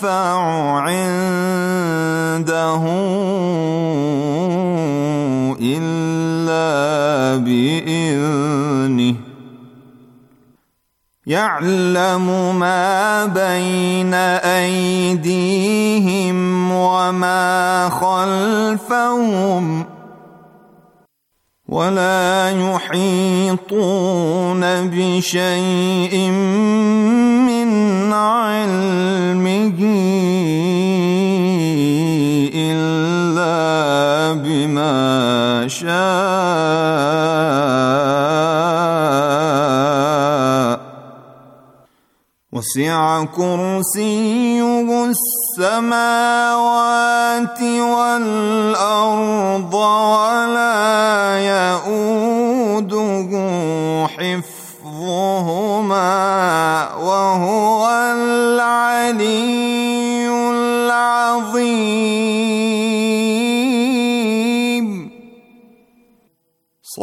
ينفع عنده إلا بإذنه يعلم ما بين أيديهم وما خلفهم ۖ ولا يحيطون بشيء من علمه الا بما شاء وسع كرسيه السماوات والارض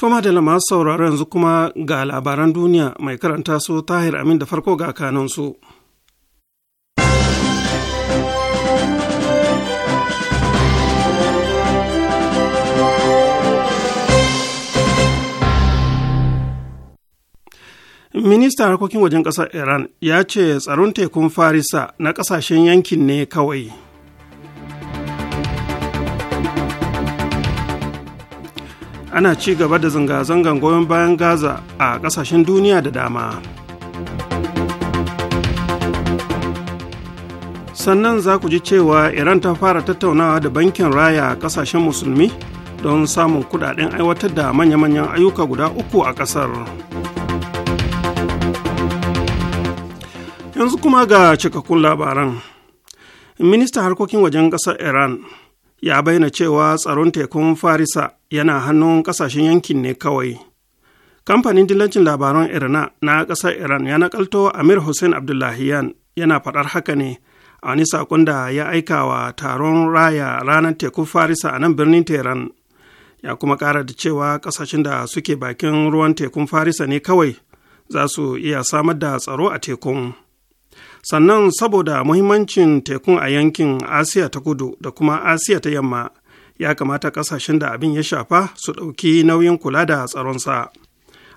Toma da masu sauraro yanzu kuma ga labaran duniya mai karanta su Tahir Amin da farko ga su. Ministan harkokin wajen ƙasar Iran ya ce tsaron tekun Farisa na ƙasashen yankin ne kawai. ana ci gaba da zanga-zangan goyon bayan gaza a ƙasashen duniya da dama sannan za ku ji cewa iran ta fara tattaunawa da bankin raya a kasashen musulmi don samun kudaden aiwatar da manya-manyan ayyuka guda uku a kasar yanzu kuma ga cikakkun labaran ministan harkokin wajen kasar iran ya bayyana cewa tsaron tekun farisa yana hannun ƙasashen yankin ne kawai. Kamfanin dillancin labaran Irna na ƙasar Iran ya nakalto Amir Hussein Abdullahiyan yana faɗar haka ne a wani saƙon da ya aika wa taron raya ranar tekun Farisa a nan birnin Tehran. Ya kuma ƙara da cewa ƙasashen da suke bakin ruwan tekun Farisa ne kawai za su iya samar da tsaro a tekun. Sannan saboda muhimmancin tekun a yankin Asiya ta kudu da kuma Asiya ta yamma. ya kamata kasashen da abin ya shafa su ɗauki nauyin kula da tsaronsa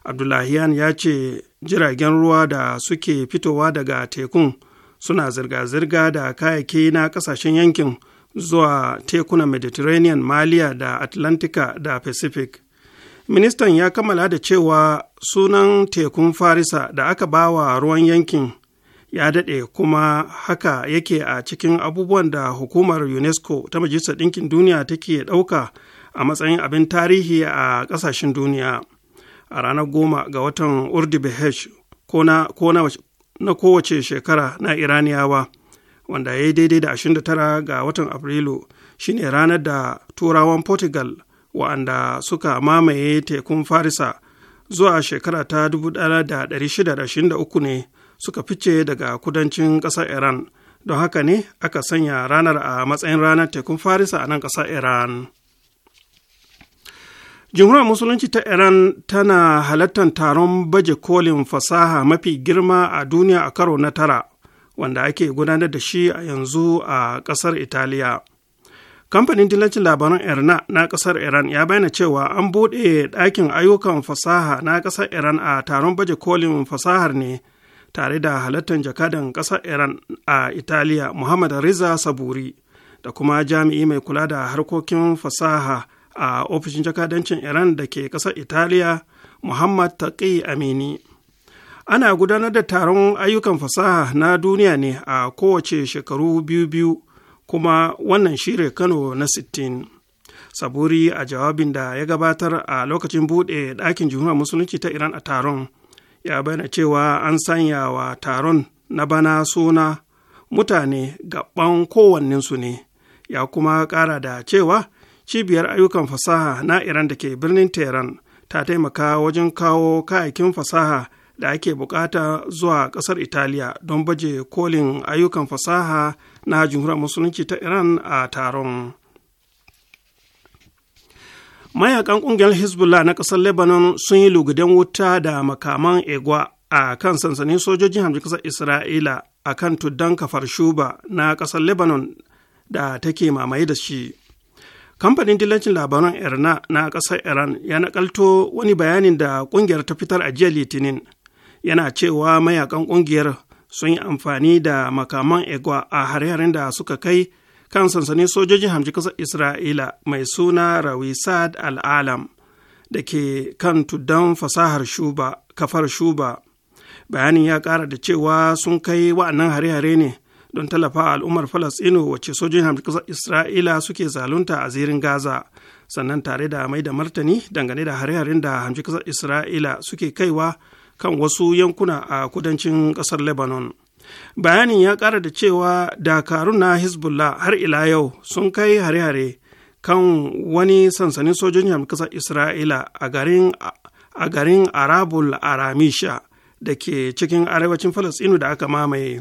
abdullahian ya ce jiragen ruwa da suke fitowa daga tekun suna zirga-zirga da kayayyaki na kasashen yankin zuwa tekuna mediterranean maliya da atlantika da pacific ministan ya kammala da cewa sunan tekun farisa da aka bawa ruwan yankin ya daɗe kuma haka yake a cikin abubuwan da hukumar unesco ta majalisar ɗinkin duniya take ɗauka a matsayin abin tarihi a ƙasashen duniya a ranar goma ga watan behesh ko na kowace shekara na iraniyawa wanda ya yi daidai da 29 ga watan afrilu shine ranar da turawan portugal wa'anda suka mamaye tekun farisa zuwa shekara ta 1623 ne suka fice daga kudancin ƙasar iran don haka ne aka sanya ranar a matsayin ranar tekun farisa a nan ƙasar iran jumhuriyar musulunci ta iran tana halartar taron baje kolin fasaha mafi girma a duniya a karo na tara wanda ake gudanar da shi a yanzu a ƙasar italiya kamfanin dillacin labaran Irna na ƙasar iran ya bayyana cewa an buɗe ɗakin ayyukan fasaha na ƙasar iran a taron baje kolin fasahar ne tare da halartar jakadan ƙasar iran a italiya muhammad riza saburi da kuma jami'i mai kula da harkokin fasaha a ofishin jakadancin iran da ke ƙasar italiya muhammad taqi amini ana gudanar da taron ayyukan fasaha na duniya ne a kowace shekaru biyu-biyu kuma wannan shire kano na sittin. saburi a jawabin da ya gabatar a lokacin buɗe ɗakin jumhuriyar musulunci ta iran a taron ya bayyana cewa an sanya wa taron na bana suna mutane gaban kowanninsu ne ya kuma ƙara da cewa cibiyar ayyukan fasaha na iran da ke birnin tehran ta taimaka wajen kawo kayakin fasaha da ake bukata zuwa ƙasar italiya don baje kolin ayyukan fasaha na jamhuriyar musulunci ta iran a taron mayakan kungiyar hezbollah na kasar lebanon sun yi lugudan wuta da makaman egwa a kan sansanin sojojin hamshin kasar isra'ila a kan tuddan kafar shuba na kasar lebanon da take mamaye da shi kamfanin dillancin labaran irna na kasar iran ya nakalto wani bayanin da kungiyar ta fitar a jiya litinin yana cewa mayakan kungiyar sun yi amfani da makaman egwa a hare-haren da suka kai kan sansanin sojojin hamji kasar isra'ila mai suna rawisad al'alam da ke kan tuddan fasahar shuba kafar shuba bayanin ya kara da cewa sun kai wa'annan hare-hare ne don tallafa al'ummar falastino wacce sojojin hamji kasar isra'ila suke zalunta a zirin gaza sannan tare da mai da martani dangane da hare-haren da hamji kasar isra'ila suke kaiwa kan wasu yankuna a kudancin kasar lebanon bayanin ya ƙara da cewa dakarun na hezbollah har ila yau sun kai hare-hare kan wani sansanin sojojin ƙasar isra'ila a garin arabul aramisha da ke cikin arewacin falasɗinu da aka mamaye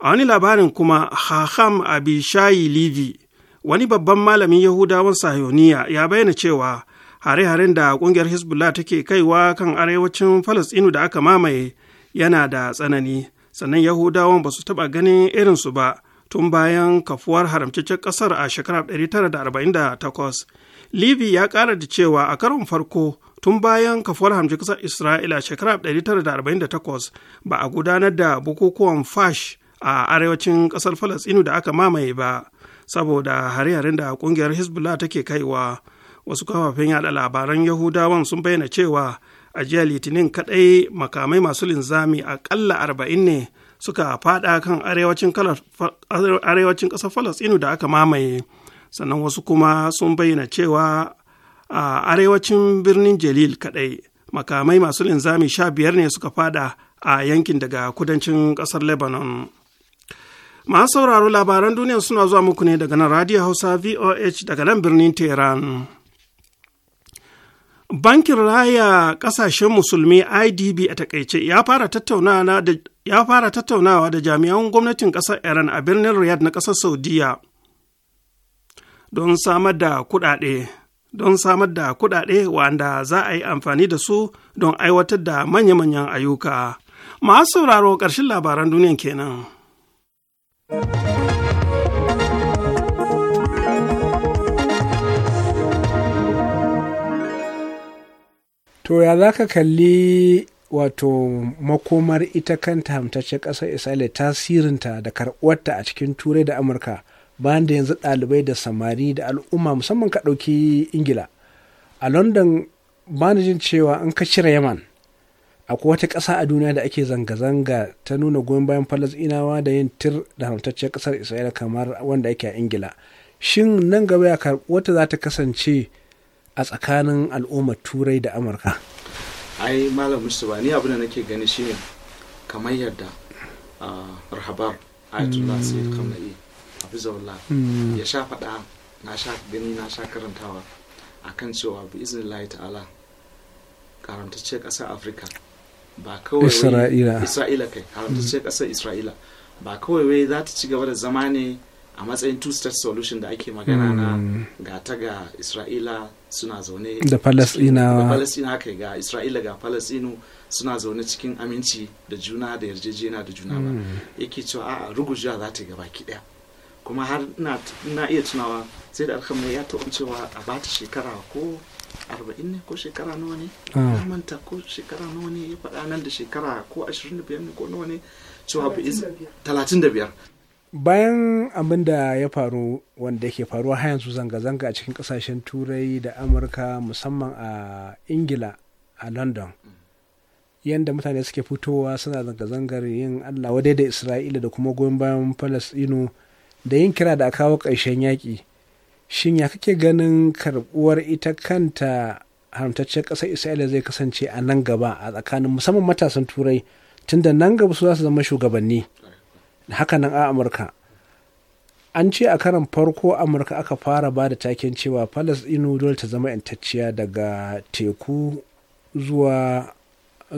a wani labarin kuma haham abishayi livi wani babban malamin yahudawan sahioniya ya bayyana cewa hare-haren da ƙungiyar hezbollah take kaiwa kan arewacin falasɗinu da aka mamaye yana da tsanani sannan yahudawan ba su taɓa ganin irinsu ba tun bayan kafuwar haramcaccen ƙasar a shekarar 1948 livy ya ƙara da cewa a karon farko tun bayan kafuwar haramci ƙasar isra'ila a shekarar 1948 ba a gudanar da bukukuwan fash a arewacin ƙasar falasinu da aka mamaye ba saboda hare-haren da ƙungiyar hezbollah take kaiwa wasu kafafen yada labaran yahudawan sun bayyana cewa a jiya litinin kadai makamai masu linzami akalla arba'in ne suka fada kan arewacin ƙasar inu da aka mamaye sannan wasu kuma sun bayyana cewa a arewacin birnin jalil kadai makamai masu linzami sha biyar ne suka fada a yankin daga kudancin ƙasar lebanon masu sauraro labaran duniya suna zuwa muku ne daga nan radio hausa voh daga nan birnin tehran bankin raya ƙasashen musulmi idb a takaice ya fara tattaunawa da jami'an gwamnatin ƙasar iran a birnin riyadh na ƙasar saudiya don samar da kuɗaɗe don samar da kuɗaɗe wanda za a yi amfani da su don aiwatar da manya-manyan ayyuka masu sauraro ƙarshen labaran duniyan kenan. to ya za ka kalli wato makomar ita kanta hamtacce ƙasar isra'ila tasirinta da karɓuwarta a cikin turai da amurka bayan da yanzu ɗalibai da samari da al'umma musamman ka ɗauki ingila a london ba jin cewa an ka cire yaman akwai wata ƙasa a duniya da ake zanga-zanga ta nuna goyon bayan falasɗinawa da yin tir da hamtacciyar ƙasar isra'ila kamar wanda ake a ingila shin nan gaba ya karɓuwarta za ta kasance a tsakanin al'ummar turai da amurka ai malam mustapha ni abin da nake gani shine kamar yadda rahabar ayatollah mm. sayyid khamenei hafizahullah mm. ya sha faɗa na sha gani na sha karantawa a kan cewa bi iznillahi ta'ala karantacce ƙasar afirka ba kawai isra'ila kai karantacce ƙasar isra'ila ba kawai wai za ta ci gaba da zama ne a matsayin two-state solution da ake magana na hmm. ga ta ga isra'ila suna zaune da palestina da falasina kai ga isra'ila ga Palestinu suna zaune cikin aminci da juna da yarjejena da juna ba hmm. yake cewa a rugujiya za ta gaba ki daya kuma har na iya tunawa sai da alhamdu ya taɓa cewa a bata shekara ko arba'in ne ko shekara nawa ne ya ah. manta ko shekara nawa ne ya faɗa nan da shekara ko ashirin da biyar ne ko nawa ne cewa talatin da biyar bayan abin da ya faru wanda ke faruwa har yanzu zanga-zanga a cikin kasashen turai da amurka musamman a ingila a london yadda mutane suke fitowa suna zanga-zangar yin allah wadai da isra'ila da kuma goyon bayan palestino da yin kira da a kawo ƙarshen yaƙi shin ya kake ganin karɓuwar ita kanta haramtaccen ƙasar isra'ila zai kasance a nan gaba a tsakanin musamman matasan turai tunda nan gaba su za su zama shugabanni hakanan a amurka an ce a karan farko amurka aka fara ba da taken cewa falasɗinu dole ta zama yantacciya daga teku zuwa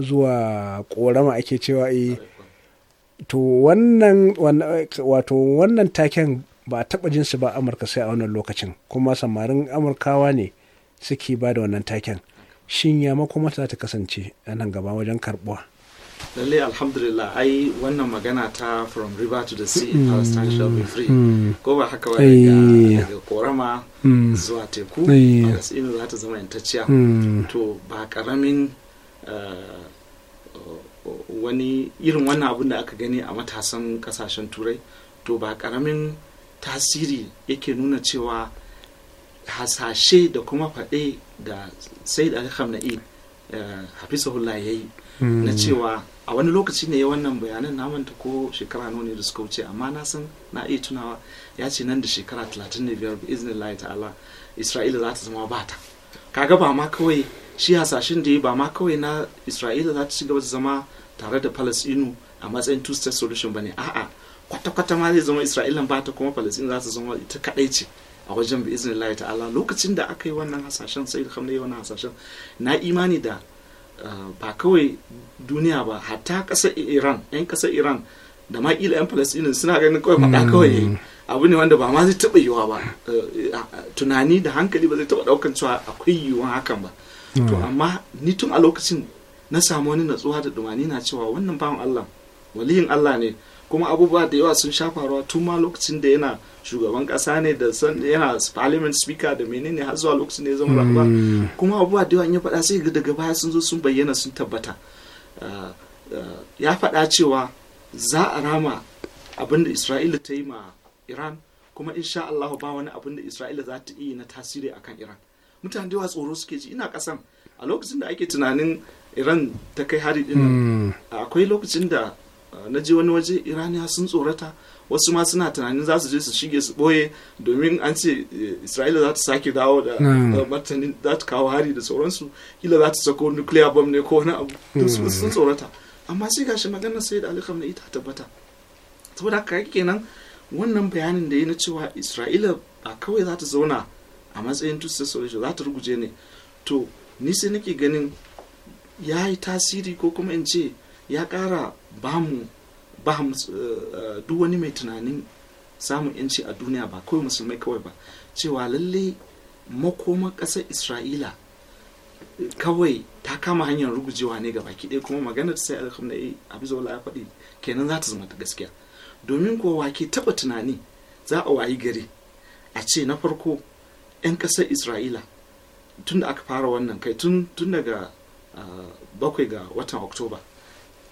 zuwa korama ake cewa e to wannan wato wannan taken ba a taɓa jinsu ba amurka sai a wannan lokacin kuma samarin amurkawa ne suke ba da wannan taken shin ya makoma ta kasance a nan gaba wajen karɓuwa lalle alhamdulillah ai wannan magana ta from river to the sea mm. palestine shall be free mm. ko ba haka ba daga korama mm. zuwa teku A palestine za ta zama yantacciya to ba karamin eh, wani irin wannan abun da aka gani a matasan kasashen turai to ba karamin tasiri yake nuna cewa hasashe da kuma faɗe da sai da eh, hafi sahullah ya yi na cewa a wani lokaci ne ya wannan bayanan na manta ko shekara nawa ne da suka wuce amma na san na iya tunawa ya ce nan da shekara 35 bi izinin Allah ta'ala Isra'ila za ta zama bata kaga ba ma kawai shi hasashen da ya ba ma kawai na Isra'ila za ta ci gaba da zama tare da Palestinu a matsayin two state solution ne. a'a kwata-kwata ma zai zama Isra'ilan bata kuma Palestinu za ta zama ita kadai ce a wajen bi izinin Allah ta'ala lokacin da aka yi wannan hasashen sai da kamar wannan hasashen na imani da Ah, ba kawai duniya ba hatta ƙasa iran 'yan ƙasa iran da ma ila 'yan palestinin suna ganin kawai faɗa hmm. kawai abu ne wanda ba ma zai taɓa yiwa ba eh, ah, tunani da hankali ba zai taɓa ɗaukan cewa akwai yiwuwan hakan ba to hmm. amma ni tun a lokacin na samu wani natsuwa da dumani na cewa wannan bawan allah waliyin allah ne kuma abubuwa da yawa sun sha faruwa tun ma lokacin da yana shugaban kasa ne da yana parliament speaker da menene har zuwa lokacin da ya zama rahaba hmm. kuma abubuwa da yawa ya faɗa sai daga baya sun zo sun bayyana sun tabbata ah, ah, ya faɗa cewa za a rama abin da isra'ila ta yi ma iran kuma insha Allah ba wani abin da isra'ila za ta iya na tasiri akan iran mutane da yawa tsoro suke ji ina kasan a lokacin da ake tunanin iran ta kai hari din hmm. akwai lokacin da Ah, na je wani waje iraniya sun tsorata wasu ma suna tunanin za su je su shige su boye domin an ce eh, isra'ila za ta sake dawo hmm. da martani za ta kawo hari da sauransu kila za ta sako nuclear bomb ne ko wani abu hmm. sun tsorata amma sai gashi magana sai da alikam na ita tabbata saboda haka kenan wannan bayanin da yi na cewa isra'ila ba kawai za ta zauna a matsayin two solution za ta ruguje ne to ni sai nake ganin ya yi tasiri ko kuma in ce ya ƙara bamu ba eh, duk wani mai tunanin samun yanci a duniya ba kawai musulmai kawai ba cewa lalle makoma ƙasar isra'ila kawai ta kama hanyar rugujewa ne gaba ɗaya kuma maganar sai alhamdulillah abizola ya faɗi kenan za ta zama ta gaskiya domin kuwa ke taɓa tunani za a wayi gari a ce na farko 'yan ƙasar isra'ila tun da aka fara wannan kai tun daga eh, bakwai ga watan oktoba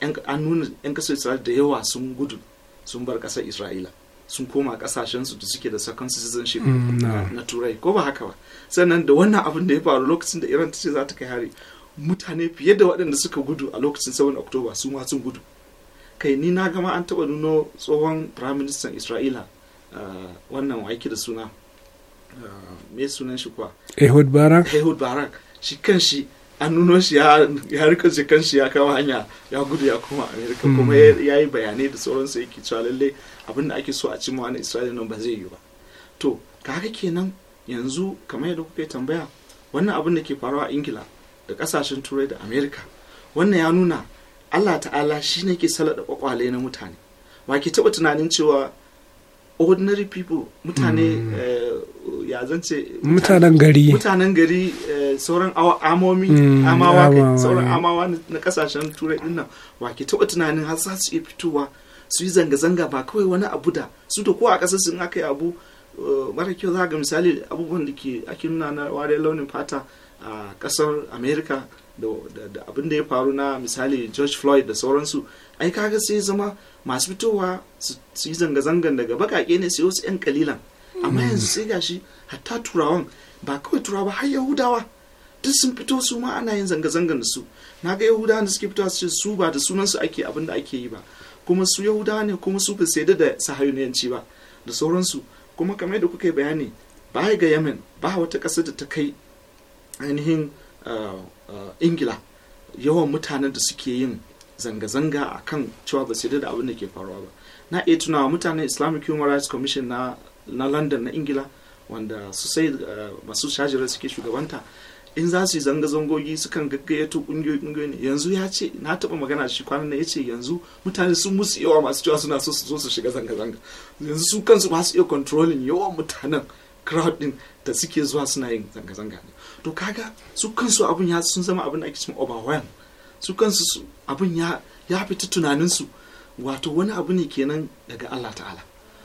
an nuna 'yan kasar isra'ila da yawa sun gudu sun bar kasar isra'ila sun koma kasashensu da suke da second citizenship mm, na turai ko ba haka ba sannan da wannan abin da ya faru lokacin da iran ta ce za ta kai hari mutane fiye da waɗanda suka gudu a lokacin 7 oktoba su ma sun gudu kai ni na gama an taɓa nuno tsohon Firaministan minister isra'ila uh, wannan waiki da suna uh, me sunan shi kuwa ehud barak ehud barak shi kan shi an shi ya rika kanshi ya kama hanya ya gudu ya koma amerika hmm. kuma ya yi bayanai da sauransu yake cewa lalle abin da ake so a cimma na israeli nan ba zai yi ba to kaga kenan yanzu kamar yadda kuka tambaya wannan abin da ke faruwa a ingila da kasashen turai da amerika wannan ya nuna allah ta'ala shi ne ke salada kwakwale na mutane ba ke taba tunanin cewa ordinary people mutane mm. eh, ya zance mutanen gari mutanen gari eh, sauran amomi mm, amawa sauran eh. amawa na kasashen turai din nan wake taba tunanin har za su iya fitowa su yi zanga-zanga ba kawai wani abu da su da ko a kasar sun aka yi abu mara kyau za ga misali abubuwan da ke ake nuna na ware launin fata a kasar america da abin da ya faru na misali george floyd da sauransu ai kaga sai zama masu fitowa su yi zanga-zangan daga bakake ne sai wasu 'yan kalilan amma yanzu sai gashi hatta turawan ba kawai turawa ba har yahudawa duk sun fito su ma ana yin zanga-zangan da su na ga yahudawa da suke fitowa su ce su ba da sunansu ake abin da ake yi ba kuma su yahudawa ne kuma su ba sai da sahayuniyanci ba da sauransu kuma kamar yadda kuka yi bayani baya ga yemen ba wata ƙasa da ta kai ainihin ah, ah, ingila yawan mutanen da suke yin zanga-zanga a kan cewa ba su da abin da ke faruwa ba na iya tunawa mutanen islamic human rights commission na, na london na ingila wanda su sai ah, masu shajirar suke shugabanta in za su yi zanga-zangogi sukan gaggayato kungiyoyi ne yanzu ya ce na taba magana shi kwanan na, ya ce yanzu mutane sun musu yawa masu cewa suna so su zo su shiga zanga-zanga yanzu su kansu ba su iya controlling yawan mutanen crowd din da suke zuwa suna yin zanga-zanga ne to kaga su kansu abin ya sun zama abin da ake cewa overwhelm su kansu abin ya ya fita tunaninsu wato wani abu ne kenan daga Allah ta'ala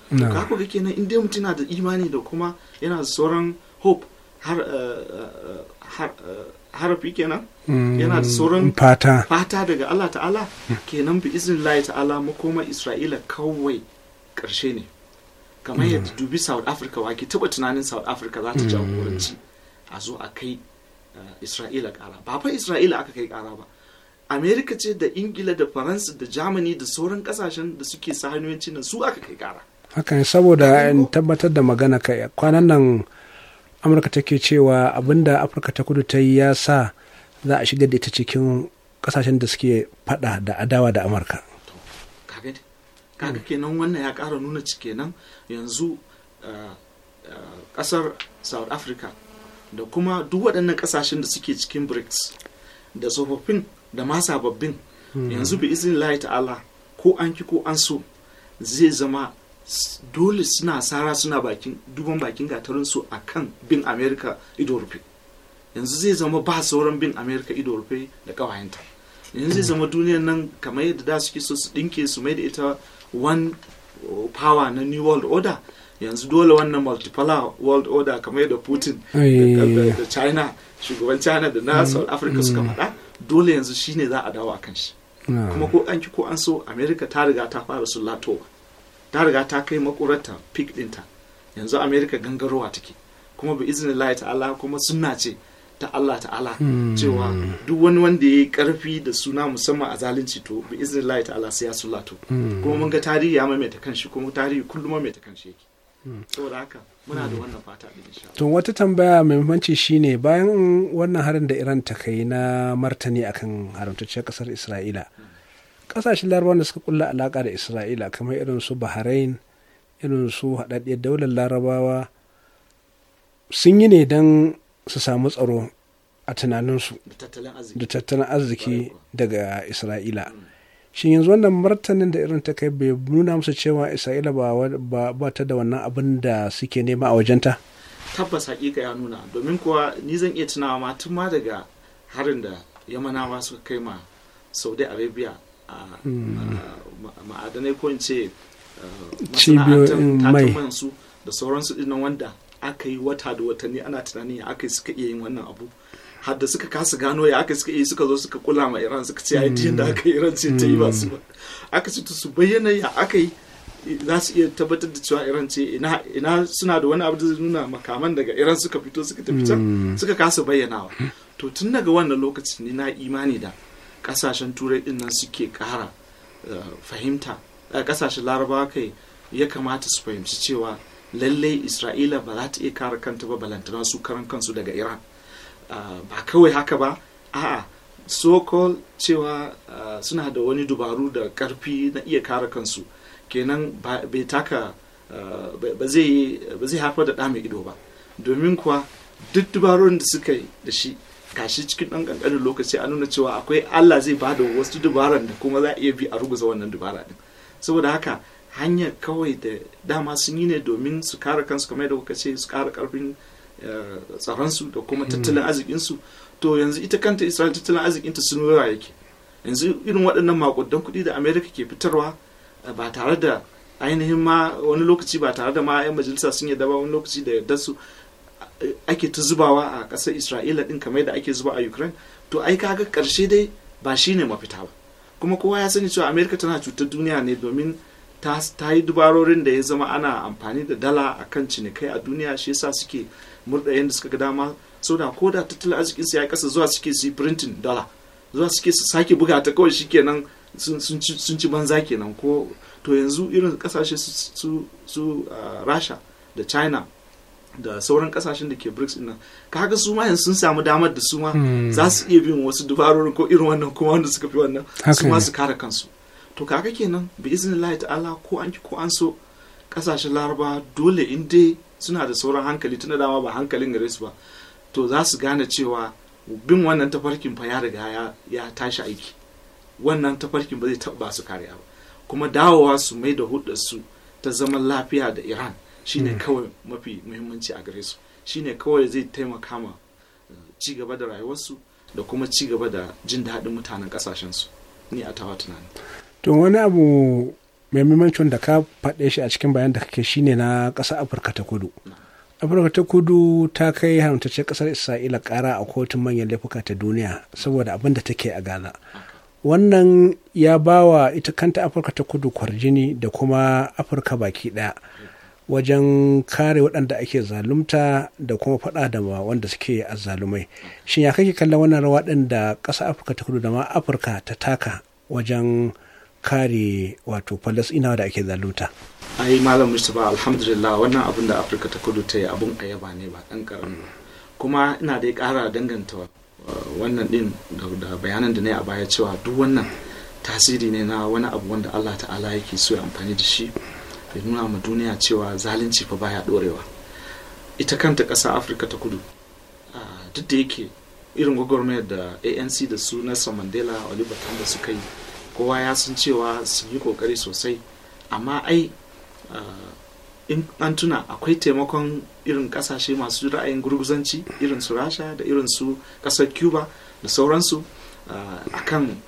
to kaga ga kenan in dai mutum yana da imani da kuma yana da sauran hope har eh, eh, eh, Eh, harafi kenan mm, yana da sauran fata daga Allah ta'ala kenan bi iznillahi ta'ala makoma Isra'ila kawai karshe ne kamar yadda mm. dubi South Africa wake taba tunanin South Africa za ta mm. jagoranci a zo a kai eh, Isra'ila kara ba fa Isra'ila aka kai kara ba Amerika ce da Ingila da Faransa da Germany da sauran kasashen da suke sahanuwanci nan su aka kai kara hakan saboda tabbatar da magana kai kwanan nan amurka take cewa abinda afirka ta kudu ta yi ya sa za a shigar da ita cikin kasashen da suke fada da adawa da amurka kaga mm. kenan wannan ya kara nuna kenan yanzu kasar uh, uh, south africa da kuma duk waɗannan ƙasashen da suke cikin brics da tsofaffin da ma sababbin mm. yanzu bi izin layi ta'ala ko an ki ko an so zai zama dole suna sara suna bakin duban bakin gatarin su akan bin america ido rufe yanzu zai zama ba sauran bin Amerika ido rufe da kawayenta yanzu zai zama duniyar nan kamar yadda da suke so su dinke su mai da ita one uh, power na new world order yanzu dole wannan multipolar world order kamar yadda putin da china shugaban china da na mm. south africa suka mm. faɗa dole yanzu ne za a dawo a kan shi ah. kuma ko an ki ko an so Amerika ta riga ta fara latowa. ta riga ta kai makurarta peak dinta yanzu america gangarowa take kuma bi iznillahi ta'ala kuma suna ce ta Allah ta'ala hmm. cewa duk wani wanda ya yi karfi da suna musamman a zalunci to bi iznillahi ta'ala sai ya to hmm. kuma mun ga tarihi ya maimaita kanshi kuma tarihi kullum maimaita kanshi yake hmm. saboda haka muna da wannan fata din insha to wata tambaya mai muhimmanci shine bayan wannan harin da Iran ta kai na martani akan haramtacciyar kasar Isra'ila kasashen larabawa da suka kulla alaka da isra'ila kamar irin su bahrain irin su haɗaɗɗiyar daular larabawa sun yi ne don su samu tsaro a tunaninsu da tattalin arziki daga isra'ila mm. shin yanzu wannan martanin da irin ta kai bai nuna musu cewa isra'ila ba ta da wannan abin da suke nema a wajenta tabbas hakika ya nuna domin kuwa ni zan iya tunawa ma tun ma daga harin da yamanawa suka kai ma saudi arabia ma'adanai ko in ce eh, cibiyoyin mai su da sauransu dinnan wanda aka yi wata da watanni ana tunanin ya aka yi suka iya yin wannan abu har da suka kasa gano ya aka suka iya suka zo suka kula ma iran suka ce ai da mm. aka iran ce ta yi ba su ba mm. aka ce su bayyana ya aka yi za su iya tabbatar da cewa iran ce ina suna da wani abu da zai nuna makaman daga iran suka fito suka tafi can mm. suka kasa wa? to tun daga wannan lokacin ni na imani da kasashen turai din nan suke kara eh, fahimta eh, kasashen larabawa kai ya kamata su fahimci cewa lallai isra'ila ba za ta iya kare kanta ba balantana su karan kansu daga iran eh, ba kawai haka ba a'a sokol cewa suna da wani dubaru da karfi na iya kare kansu kenan bai taka ba zai haifar da ɗa ido ba domin kuwa duk dubarun da suka yi da shi kashi cikin ɗan ƙanƙanin lokaci a nuna cewa akwai Allah zai ba da wasu dubaran da kuma za a iya bi a ruguza wannan dubara ɗin saboda haka hanyar kawai da dama sun yi ne domin su kare kansu kamar yadda kuka ce su kare ƙarfin eh, tsaronsu da kuma hmm. tattalin arzikinsu to yanzu ita kanta isra'il tattalin arzikinta sun rura yake yanzu irin waɗannan makudan kuɗi da amerika ke fitarwa eh, ba tare da ainihin ma wani lokaci ba tare da ma 'yan majalisa sun yadda ba wani lokaci da yadda su ake ta zubawa a ƙasar isra'ila ɗin kamar yadda ake zuba a ukraine to ai kaga ƙarshe dai ba shi ne mafita ba kuma kowa ya sani cewa amerika tana cutar duniya ne domin ta yi dubarorin da ya zama ana amfani da dala a kan cinikai a duniya shi yasa suke murda yadda suka ga dama saboda ko da tattalin arzikin su ya kasa zuwa suke su yi printing dala zuwa suke su sake buga ta kawai kenan sun ci banza kenan ko to yanzu irin kasashe su ah, rasha da china da sauran kasashen da ke brics ɗin ka haka su yanzu sun samu damar da su ma hmm. za su iya bin wasu dubarorin ko irin wannan kuma wanda suka fi wannan su ma su kare kansu to kaga kenan bi iznillahi ta'ala ko an ki ko an so kasashen laraba dole in dai suna da sauran hankali tunda dama ba hankalin gare su ba to za su gane cewa bin wannan tafarkin fa ya riga ya tashi aiki wannan tafarkin ba zai taɓa su kariya ba kuma dawowa su mai da hudar su ta zaman lafiya da iran shi ne hmm. kawai mafi muhimmanci a gare su shi ne kawai zai taimaka ma eh, ci gaba da rayuwarsu da kuma ci gaba da jin daɗin mutanen ƙasashensu ni a tawa tunani to wani abu mai muhimmanci da ka faɗe shi a cikin bayan da kake shine na ƙasa afirka ta kudu afirka ta kudu ta kai haramtacce ƙasar isra'ila ƙara a kotun manyan laifuka ta duniya saboda abin da take a gaza wannan ya bawa ita kanta afirka ta kudu kwarjini da kuma afirka baki ɗaya wajen kare waɗanda ake zalunta da kuma faɗa da wanda suke a zalumai shin ya kake kallon wannan rawa ɗin da ƙasa afirka ta kudu da ma afirka ta taka wajen kare wato falasɗinawa da ake zalunta ai malam mustapha alhamdulillah wannan abin da afirka ta kudu ta yi abin ayaba ne ba ɗan ƙaramin kuma ina dai ƙara danganta uh, wannan ɗin da bayanan da na yi a baya cewa duk wannan tasiri ne na wani abu wanda allah ta'ala yake so ya amfani da shi ya nuna ma duniya cewa zalunci fa baya dorewa ita kanta ƙasa afirka ta kudu duk da yake irin gwagwarmayar da anc da su nelson mandela oliver tambo su yi kowa ya san cewa sun yi kokari sosai amma ai in an tuna akwai taimakon irin kasashe masu ra'ayin gurguzanci irin su rasha da irin su kasar cuba da sauransu akan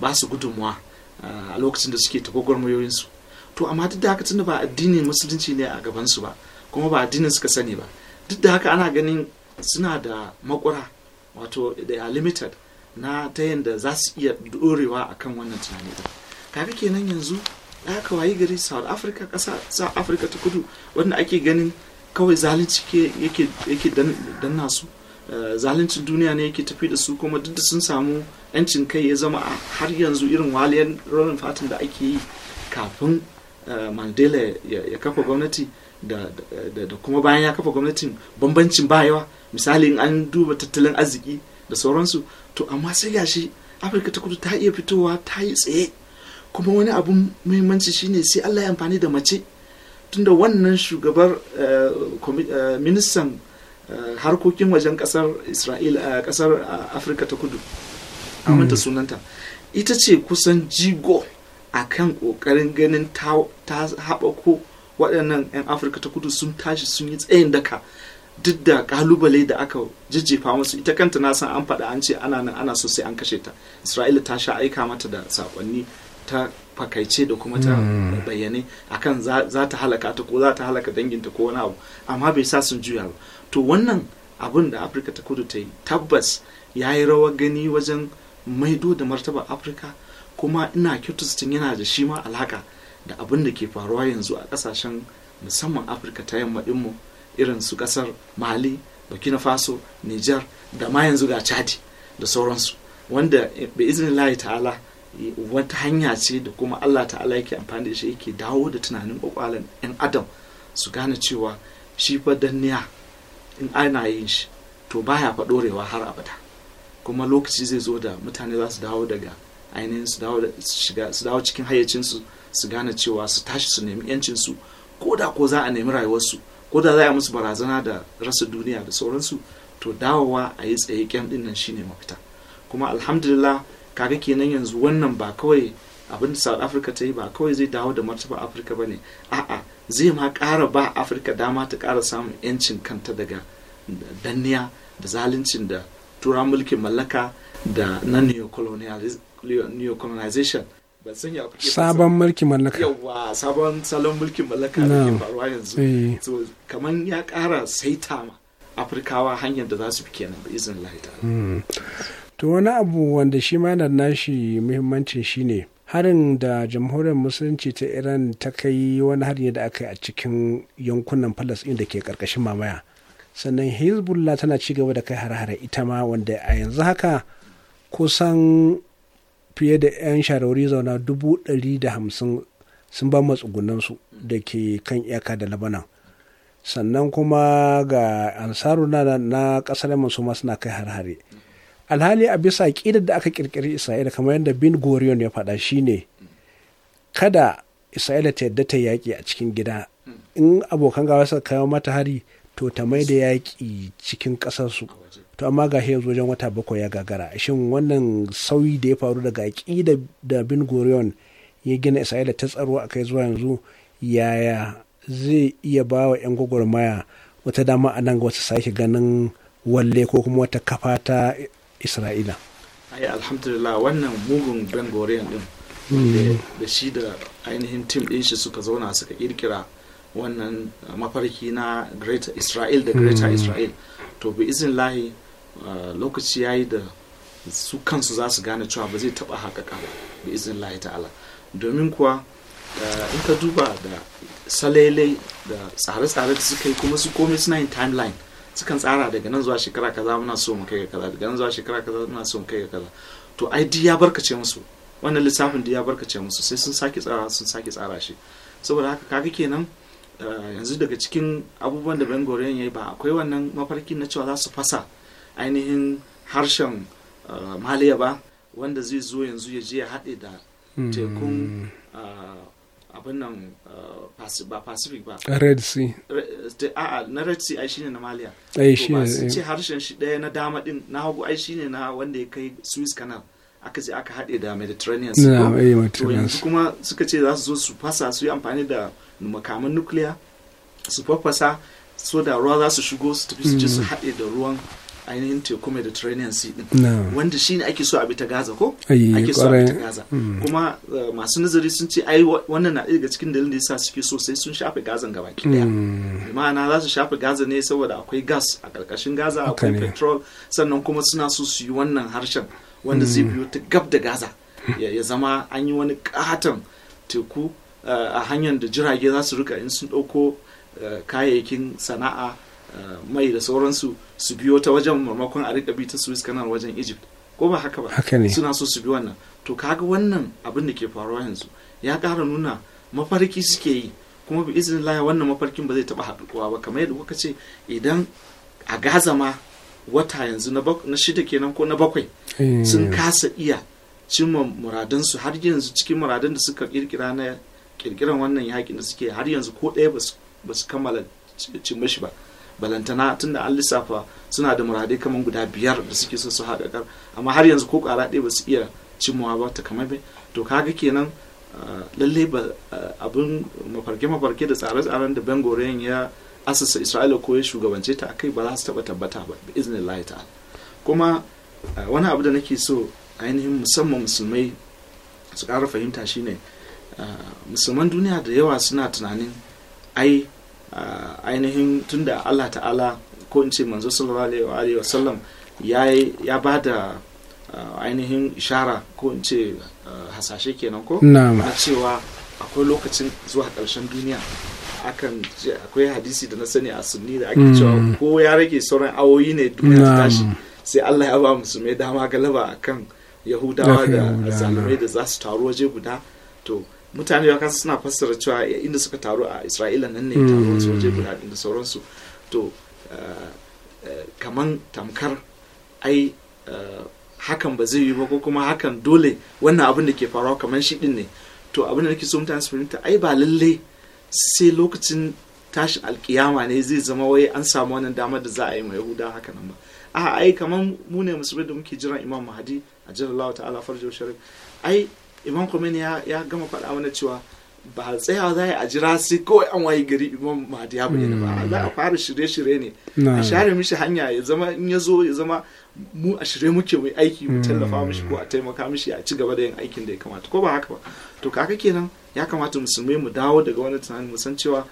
ba su gudunmuwa a lokacin da suke ta gwagwarmayoyinsu to amma duk da haka tunda ba addinin musulunci ne a gabansu ba kuma ba addinin suka sani ba duk da haka ana ganin suna da makura wato da ya limited na ta yadda za su iya dorewa kan wannan tunani ɗin kaga kenan yanzu ya wayi gari south africa ƙasa south africa ta kudu wanda ake ganin kawai zalunci yake yake danna su eh, zaluncin duniya ne yake tafi da su kuma duk da sun samu yancin kai ya zama har yanzu irin waliyan rolin fatan da ake yi kafin Eh, mandela ya kafa gwamnati da kuma bayan ya kafa gwamnatin bambancin bayawa misali an duba tattalin arziki da sauransu to amma sai gashi afirka ta kudu ta iya fitowa ta yi tsaye kuma wani abun muhimmanci shine sai allah ya amfani da mace tunda wannan shugabar eh, eh, ministan harkokin wajen kasar isra'ila kasar afirka ta kudu aminta mm. sunanta ita ce kusan jigo a kan ƙoƙarin ganin ta haɓako waɗannan 'yan afirka ta kudu sun tashi sun yi tsayin daka duk da ƙalubale da aka jijjefa musu ita kanta na san an faɗa an ce ana nan ana so an kashe ta isra'ila ta sha aika mata da saƙonni ta fakaice da kuma ta hmm. bayyane akan za ta halaka ta ko za ta halaka danginta ko wani abu amma bai sa sun juya ba to wannan abin da afirka ta kudu ta yi tabbas ya yi rawar gani wajen maido da martaba afirka kuma ina kyautustin yana da shi ma alaka da abin da ke faruwa yanzu a kasashen musamman afirka ta yamma dinmu irin su kasar mali burkina faso niger da ma yanzu ga chadi da sauransu wanda bi ta ta'ala wata hanya ce da kuma allah ta'ala yake amfani da shi yake dawo da tunanin kwakwalan yan adam su gane cewa shi fa danniya in ana yin shi to baya fa dorewa har abada kuma lokaci zai zo da mutane za su dawo daga ainihin su dawo cikin hayyacinsu su gane cewa su tashi su nemi yancinsu ko da ko za a nemi rayuwarsu ko da za a musu barazana da rasa duniya da sauransu to dawowa a yi tsaye kyan din nan shine mafita kuma alhamdulillah kaga kenan yanzu wannan ba kawai abin da south africa ta yi ba kawai zai dawo da martaba afirka ba ne a'a zai ma ƙara ba afirka dama ta ƙara samun yancin kanta daga danniya da zaluncin da tura mulkin mallaka da na neocolonization sabon mulki mallaka yawa sabon salon mulkin mallaka da ke faruwa yanzu eh. so kamar ya kara saita ma afrikawa hanyar da za su fi kenan ba izin laita hmm. to wani abu wanda shi ma na nashi muhimmancin shine harin da jamhuriyar musulunci ta iran ta kai wani harin da aka yi a cikin yankunan falasɗin inda ke karkashin mamaya sannan hezbollah tana ci gaba da kai hare-hare ita ma wanda a yanzu haka kusan fiye da 'yan shawarwari zauna dubu ɗari da hamsin sun ba matsugunansu da ke kan iyaka da labanan sannan kuma ga ansaru na na ƙasar yamma su ma suna kai har-hare alhali a bisa ƙidar da aka ƙirƙiri isra'ila kamar yadda bin gorion ya faɗa shine kada isra'ila ta yadda ta yaƙi a cikin gida in abokan gawa suka kawo mata hari to ta mai da yaƙi cikin ƙasarsu to amma ga yanzu wajen wata bakwai ya gagara shin wannan sauyi da ya faru daga aƙida da bin gurion ya gina isra'ila ta tsaro a kai zuwa yanzu yaya zai iya ba wa 'yan gwagwarmaya wata dama a nan wasu sake ganin walle ko kuma wata kafa ta isra'ila ai alhamdulillah wannan mugun ben gorion din hmm. da shi da ainihin tim din shi suka zauna suka kirkira wannan mafarki na greater israel da greater hmm. israel to bi izin lahi Eh, lokaci ya yi da su kansu za su gane cewa ba zai taɓa haƙaƙa ba da izin lahi ta'ala domin kuwa eh, in ka duba da salele da tsare-tsare da suka yi kuma su komai suna yin timeline sukan tsara daga nan zuwa shekara kaza muna so mu kai ga kaza daga nan zuwa shekara kaza muna so mu kai ga kaza to ai duk ya barkace musu wannan lissafin duk ya barkace musu sai sun sake tsara sun sake tsara shi saboda haka kaga kenan eh, yanzu daga cikin abubuwan da Ben yayi ya yi ba akwai wannan mafarkin na cewa za su fasa ainihin harshen uh, maliya ba wanda zai zo yanzu ya je ya haɗe da hmm. tekun uh, abin nan uh, ba pacific ba red sea a na red sea ai shine na maliya to ba su eh. ce harshen shi ɗaya na dama din na hagu ai shine na wanda ya kai suez canal aka ce aka haɗe da mediterranean eh, to yanzu kuma suka ce za su zo su fasa su yi amfani da makaman nukiliya su fafasa so da ruwa za su shigo su tafi su ce su hmm. haɗe da ruwan ainihin teku mediterranean sea din wanda shine ake so a bi ta gaza ko ake so a bi ta gaza mm. kuma eh, masu nazari sun ce ai wannan na daga cikin dalilin da yasa suke so sai sun shafe gazan gaba ki daya mm. ma'ana za su shafe gaza ne saboda akwai gas a karkashin gaza akwai petrol sannan kuma suna so su yi wannan harshen wanda zai mm. biyo ta gab da gaza ya zama an yi wani katon teku eh, a hanyar da jirage za su rika in sun ɗauko eh, kayayyakin sana'a mai da sauransu su biyo ta wajen maimakon a riƙa bi ta Suez Canal wajen Egypt ko ba haka ba suna so su bi wannan to kaga wannan abin da ke faruwa yanzu ya ƙara nuna mafarki suke yi kuma bi izinin laya wannan mafarkin ba zai taɓa haɗuwa ba kamar yadda kuka ce idan a gaza ma wata yanzu na shida kenan ko na bakwai eh. sun kasa iya cimma muradansu har yanzu cikin muradan da suka kirkira na kirkiran wannan yakin da suke har yanzu ko ɗaya ba su kammala cimma shi ba balantana tun da an lissafa suna da muradai kamar guda biyar da suke so su haƙaƙar amma har yanzu ko ƙara ɗaya ba su iya cimmawa ba ta kamar to kaga kenan ah, lalle ba ah, abin mafarke mafarke da tsare-tsaren da ben ya asasa isra'ila ko ya shugabance ta akai ba za su taɓa tabbata ba bi izinin ta'ala kuma ah, wani abu da nake so ainihin musamman musulmai su ƙara fahimta shine musulman duniya da yawa suna tunanin ai ainihin tunda Allah ta'ala ko in ce manzo sallallahu alaihi wasallam ya ya ba da ainihin ishara ko in ce hasashe kenan ko na cewa akwai lokacin zuwa ƙarshen duniya akan akwai hadisi da na sani a sunni da ake cewa hmm. ko ya rage sauran awoyi ne duniya ta tashi sai Allah ya ba musulmai dama galaba akan yahudawa da zalimai da za su taru waje guda to mutane ya kasa suna fassara cewa inda suka taru a isra'ila nan ne hmm. taruwan waje guda da sauransu to eh, eh, kaman tamkar ai eh, hakan ba zai yi ba ko kuma hakan dole wannan abin da ke faruwa kaman shi din ne to abin da nake so mutane su fahimta ai ba lalle sai lokacin tashin alkiyama ne zai zama wai an samu wannan damar da za a yi ma yahuda haka nan ba a ai kaman mu ne musulmi da muke jiran imam mahadi a jihar Allah ta'ala farjo sharif ai imam khomeini ya gama faɗa mana cewa ba tsayawa za a jira sai kawai an waye gari imam mahdi ya bayyana ba hmm. za a fara shirye-shirye ne a share mishi hanya ya zama in ya zo ya zama mu a shirye muke mai aiki mu tallafa mishi hmm. ko a taimaka mishi a ci gaba da yin aikin da ya kamata ko ba haka ba to kaka kenan ya kamata musulmai mu dawo daga wani tunani mu san cewa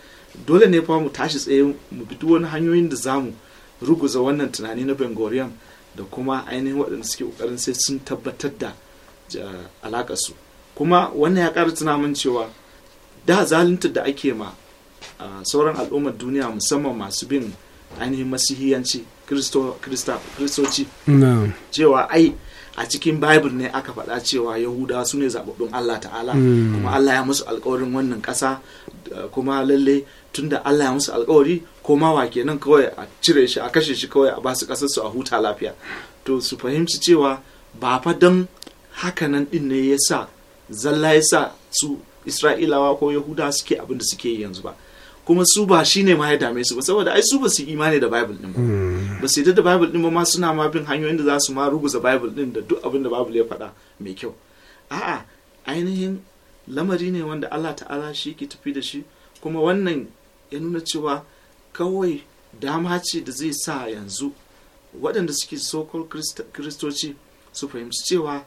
dole ne fa mu tashi tsaye mu bi wani hanyoyin da zamu ruguza wannan tunani na bengoriyan da kuma ainihin waɗanda suke ƙoƙarin sai sun tabbatar da alaƙarsu su kuma wannan ya ƙara tuna min cewa da zaluntar da ake ma sauran al'ummar duniya musamman masu bin ainihin masihiyanci kristoci cewa ai a cikin bible ne aka faɗa cewa yahuda su ne zaɓaɓɓun allah ta'ala hmm. kuma allah ya musu alkawarin wannan ƙasa kuma lalle tunda allah ya musu alkawari ko mawa kenan kawai a cire shi a kashe shi kawai a ba su ƙasar su a huta lafiya to su fahimci cewa ba fa don hakanan ɗin ne ya sa zalla ya sa su isra'ilawa ko yahuda suke abin da suke yi yanzu ba kuma su ba ne ma ya dame su ba saboda ai su ba su imani da bible din ba hmm. ba su da bible din ba ma suna ma bin hanyoyin da za su ma ruguza bible din da duk abin da bible ya faɗa mai kyau a'a ainihin lamari ne wanda Allah ta'ala shi ke tafi da shi kuma wannan ya nuna cewa kawai dama ce da zai sa yanzu waɗanda suke so kiristoci su fahimci cewa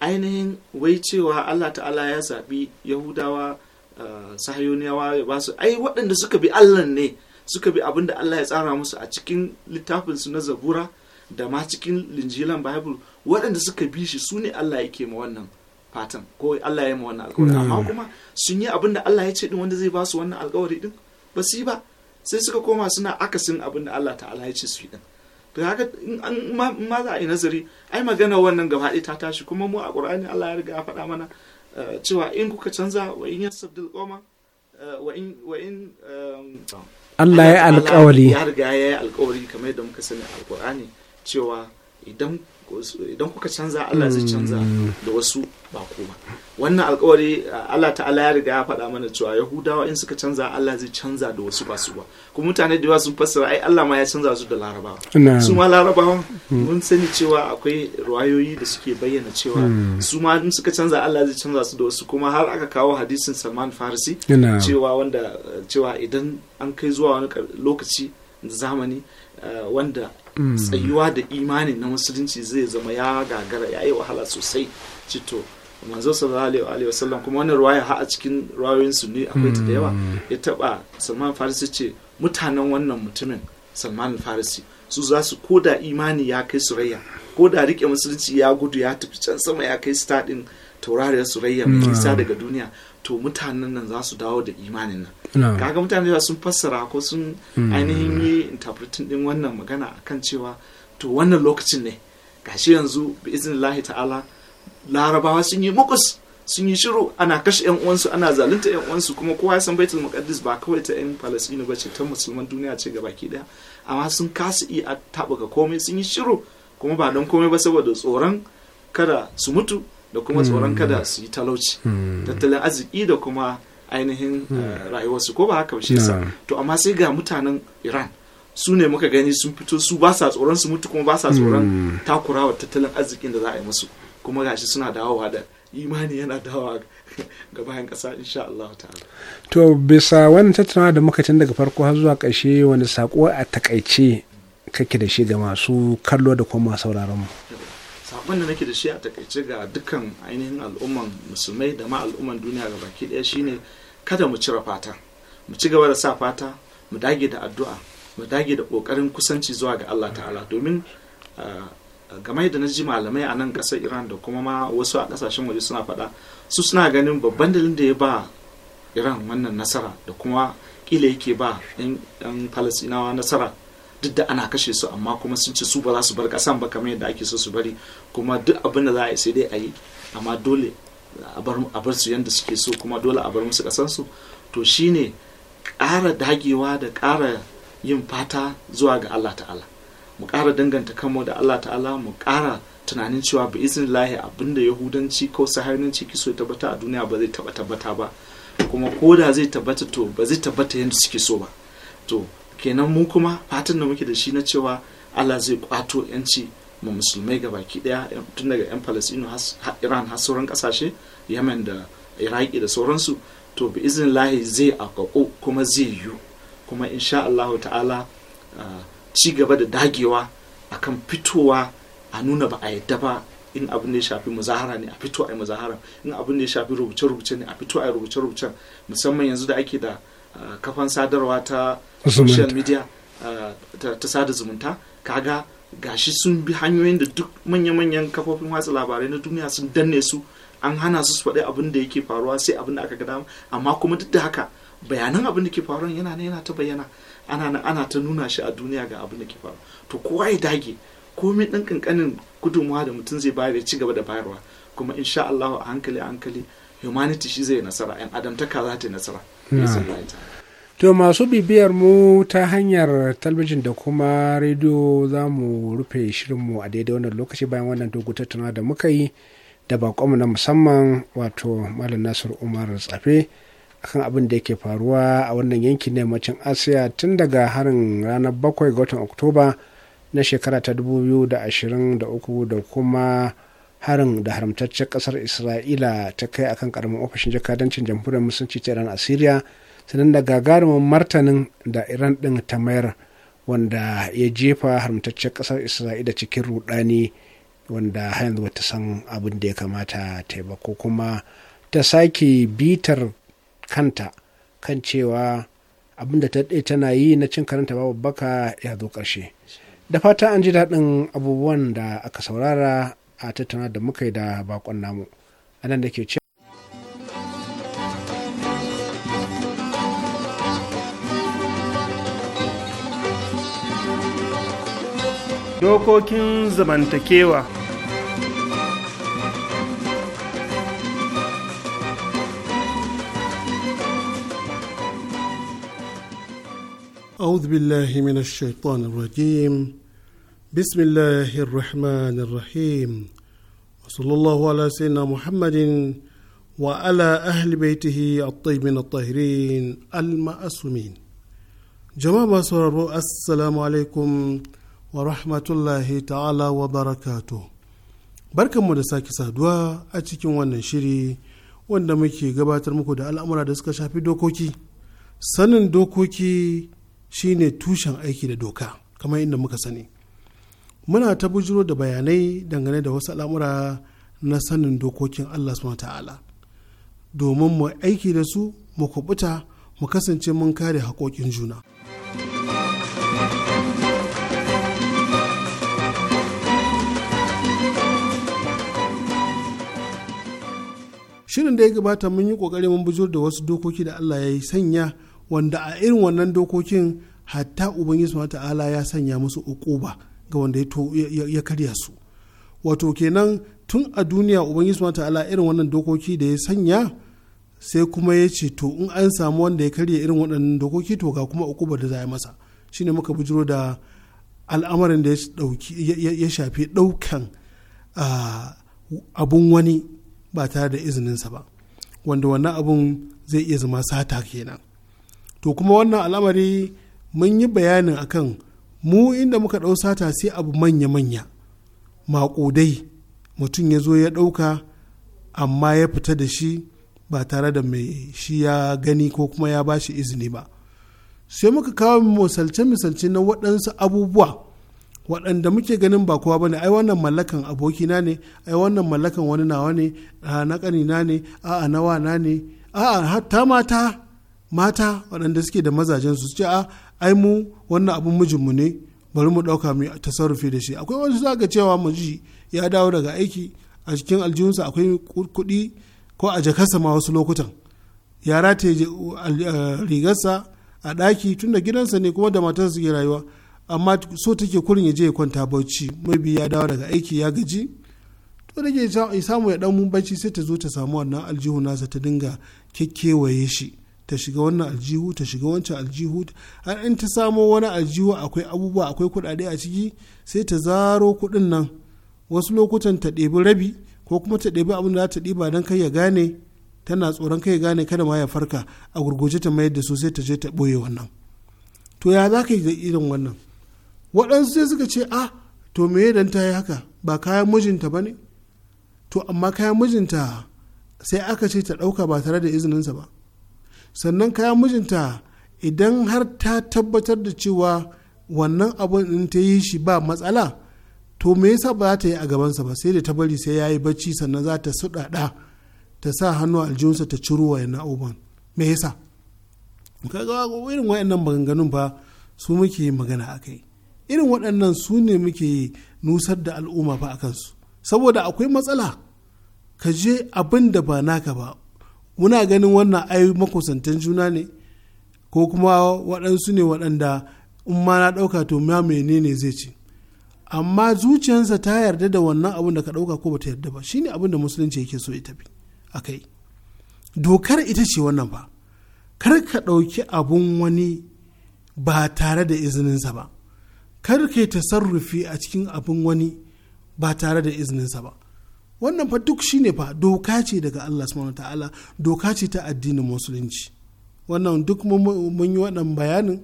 ainihin wai cewa allah ta'ala ya zaɓi yahudawa uh, sahayoniyawa ya ba su ai waɗanda suka bi allah ne suka bi abinda da allah ya tsara musu a cikin littafinsu na zabura da ma cikin linjilan bible waɗanda suka bi shi su ne allah yake ma wannan fatan ko Allah ya yi ma wannan alkawari amma hmm. kuma sun yi abinda Allah ya ce din wanda zai ba su wannan alkawari din ba su yi ba sai suka koma suna akasin abinda da Allah ta'ala ya ce su yi din to haka in an ma za a yi nazari ai magana wannan gaba ta tashi kuma mu a ƙur'ani Allah ya riga ya faɗa mana eh, cewa in kuka canza wa in yasabdil qawma eh, wa in wa in eh, Allah ya alƙawari ya riga ya yi alƙawari kamar yadda muka sani a ƙur'ani cewa idan idan kuka canza Allah zai canza da wasu ba ku wannan alkawari Allah ta'ala ya riga ya faɗa mana cewa Yahudawa in suka canza Allah zai canza da wasu ba su ba kuma mutane da yawa sun fassara ai Allah ma ya canza su da Larabawa su ma Larabawa mun sani cewa akwai ruwayoyi da suke bayyana cewa hmm. su ma in suka canza Allah zai canza su da wasu kuma har aka kawo hadisin Salman Farisi cewa wanda cewa idan an kai zuwa wani lokaci zamani eh, wanda Mm. tsayuwa da imani na musulunci zai zama ya gagara ya yi wahala sosai cito manzo sallallahu alaihi wasallam kuma wannan ruwaya har a cikin ruwayoyin su ne akwai ta da yawa mm. ya taba salman farisi ce mutanen wannan mutumin salman farisi su za su koda imani ya kai surayya koda rike musulunci ya gudu ya tafi can sama ya kai stadin taurariyar surayya mai mm. nisa daga duniya to mutanen nan za su dawo da imanin nan kaga mutane da sun fassara ko sun hmm. ainihin yi interpretin din wannan magana akan cewa to wannan lokacin ne gashi yanzu bi lahi ta'ala larabawa sun yi mukus sun yi shiru ana kashe yan uwansu ana zalunta yan uwansu kuma kowa ya san baitul muqaddis ba kawai ta yan palestina ba ce ta musulman duniya ce baki daya amma sun kasa iya ga komai sun yi shiru kuma ba don komai ba saboda tsoron kada su mutu da kuma tsoron kada hmm. su yi talauci hmm. tattalin arziki da kuma ainihin eh, hmm. rayuwarsu ko ba haka ba shi to amma sai ga mutanen iran su ne muka gani sun fito su ba sa tsoron su mutu kuma ba sa tsoron takurawa tattalin arzikin da za a yi musu kuma gashi suna dawowa da imani yana dawowa ga bayan kasa insha Allah ta'ala. To bisa wannan tattaunawa da muka tun daga farko har zuwa karshe wani sako a takaice kake da shi ga masu kallo da kuma sauraron mu. sakon da nake da shi a takaice ga dukkan ainihin al'umman musulmai da ma al'umman duniya ga baki ɗaya shine kada mu cire fata mu ci gaba da sa fata mu dage da addu'a mu dage da ƙoƙarin kusanci zuwa ga Allah ta'ala domin game da na ji malamai a nan ƙasar iran da kuma ma wasu a ƙasashen waje suna faɗa su suna ganin babban dalilin da ya ba iran wannan nasara da kuma ƙila yake ba 'yan falasinawa nasara duk da ana kashe su amma kuma sun ce su ba za su bar kasan ba kamar yadda ake so su bari kuma duk abin da za a yi sai dai a yi amma dole a bar su yadda suke so kuma dole a bar musu kasan su to shine ƙara dagewa da ƙara yin fata zuwa ga Allah ta'ala mu ƙara danganta kanmu da Allah ta'ala mu ƙara tunanin cewa bi izin lahi abinda yahudanci ko so ya tabbata a duniya ba zai tabbata ba kuma ko da zai tabbata to ba zai tabbata yadda suke so ba to kenan mu kuma fatan da muke da shi na cewa allah zai kwato yanci ma musulmai ga baki daya tun daga yan palestino iran har sauran kasashe yemen da iraki da sauransu to bi izin lahi zai akaku kuma zai yiwu kuma insha allah ta'ala ci gaba da dagewa akan fitowa a nuna ba a yadda ba in abin da shafi muzahara ne a fito a yi muzahara in abin da shafi rubuce-rubuce ne a fito a yi rubuce-rubucen musamman yanzu da ake da kafan sadarwa ta social media eh, ta sada zumunta kaga gashi sun bi hanyoyin da duk manya-manyan kafofin watsa labarai na duniya sun danne su an hana su su faɗi abin da yake faruwa sai abin da aka gada amma kuma duk da haka bayanan abin da ke faruwa yana ne yana ta bayyana ana ana ta nuna shi a duniya ga abin da ke faruwa to kowa ya dage komai ɗan ƙanƙanin gudunmawa da mutum zai bayar ya ci gaba da bayarwa kuma insha Allah a hankali a hankali humanity shi zai nasara yan adamtaka za ta yi nasara To masu bibiyar mu ta hanyar talbijin da kuma rediyo za mu rufe shirinmu a daidai wannan lokaci bayan wannan dogo tattauna da muka yi da bakonmu na musamman wato Malam Nasir Umar Tsafe akan abin da yake faruwa a wannan yankin na yammacin Asiya tun daga harin ranar bakwai ga watan Oktoba na shekara ta 2023 da kuma harin da haramtaccen kasar Isra'ila ta kai akan karamin ofishin jakadancin jamhuriyar musulunci ta Iran a Siriya. sanin da gagarumin martanin da iran din ta mayar wanda ya jefa haramtaccen kasar isra'ila cikin rudani wanda yanzu bata san abin da ya kamata ta ba ko kuma ta sake bitar kanta kan cewa abin da ta ɗaya tana yi na cin karanta babu baka ya zo ƙarshe da fata an ji daɗin abubuwan da aka saurara a tattauna da muka yi da bakon namu anan da ke dokokin zamantakewa أعوذ بالله من الشيطان الرجيم بسم الله الرحمن الرحيم وصلى الله على سيدنا محمد وعلى أهل بيته الطيبين الطاهرين المأسومين jama'a masu sauraro assalamu wa rahmatullahi ta'ala wa barakatu barkanmu da sake saduwa a cikin wannan shiri wanda muke gabatar muku da al'amura da suka shafi dokoki sanin dokoki shine tushen aiki da doka kamar inda muka sani muna ta bujiro da bayanai dangane da wasu al'amura na sanin dokokin allah subhanahu ta'ala domin mu aiki da su mu kubuta mu kasance mun kare haƙoƙin juna. shirin da ya gabata mun yi kokari mun bujur da wasu dokoki da Allah ya sanya wanda a irin wannan dokokin hatta ubangiji subhanahu ta'ala ya sanya musu ukuba ga wanda ya karya su wato kenan tun a duniya ubangiji subhanahu ta'ala irin wannan dokoki da ya sanya sai kuma ya ce to in an samu wanda ya karya irin waɗannan dokoki to ga kuma ukuba da za a masa shine muka bujuro da al'amarin da ya shafi ɗaukan ah, abun wani ba tare da izininsa ba wanda wannan abun zai iya zama sata kenan to kuma wannan al'amari mun yi bayanin akan mu inda muka ɗau sata sai abu manya-manya maƙudai mutum ya zo ya ɗauka amma ya fita da shi ba tare da mai shi ya gani ko kuma ya ba shi izini ba sai muka kawo misalce-misalce na waɗansu abubuwa waɗanda muke ganin ba kowa bane ai wannan mallakan abokina ne ai wannan mallakan wani nawa ne na ƙanina ne a'a na wana ne a'a hatta mata mata waɗanda suke da mazajen su ce a ai mu wannan abun mijin mu ne bari mu ɗauka mu tasarrufi da shi akwai wasu zaka cewa miji ya dawo daga aiki a cikin aljihunsa akwai kuɗi ko a jakarsa ma wasu lokutan yara ta eh, rigarsa a ɗaki tun da gidansa ne kuma da matarsa suke rayuwa amma so take kurin ya je ya kwanta bauchi maybe ya dawo daga aiki ya gaji to da ke samu ya dan bacci sai ta zo ta samu wannan aljihu nasa ta dinga kekkewaye shi ta shiga wannan aljihu ta shiga wancan aljihu har in ta samo wani aljihu akwai abubuwa akwai kuɗaɗe a ciki sai ta zaro kuɗin nan wasu lokutan ta ɗebi rabi ko kuma ta ɗebi abin da za ta ɗiba don kai ya gane tana tsoron kai ya gane kada ma ya farka a gurguje ta mayar da su sai ta je ta ɓoye wannan to ya za ka yi da irin wannan waɗansu sai suka ce ah to me ya ta yi haka ba kayan mijinta ba ne to amma kayan mijinta sai aka ce ta ɗauka ba tare da izininsa ba sannan kayan mijinta idan har ta tabbatar da cewa wannan abin in ta yi shi ba matsala to me yasa ba za ta yi a gabansa ba sai da ta bari sai ya yi bacci sannan za ta suɗaɗa ta sa hannu aljihunsa ta ciro wa yana uban me yasa kaga irin wayannan maganganun ba su muke magana akai irin waɗannan su ne muke nusar da al'umma fa a kansu saboda akwai matsala ka je abin da ba naka ba muna ganin wannan ai makusantan juna ne ko kuma waɗansu ne waɗanda in ma na ɗauka to ma menene zai ce amma zuciyarsa ta yarda da wannan abin da ka ɗauka ko bata yarda ba shine abin da musulunci yake so bi a kai dokar ita ce wannan ba kar ka ɗauki abun wani ba tare da izininsa ba kar kai tasarrufi a cikin abin wani ba tare da izininsa ba wannan fa duk shine fa doka ce daga Allah subhanahu ta'ala doka ce ta addinin musulunci wannan duk mun yi wannan bayanin